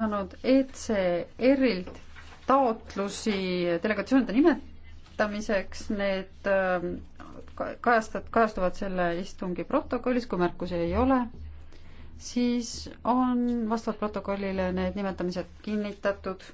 saanud ECR-ilt taotlusi delegatsioonide nimetamiseks, need ähm, kajastad, kajastuvad selle istungi protokollis, kui märkusi ei ole, siis on vastavalt protokollile need nimetamised kinnitatud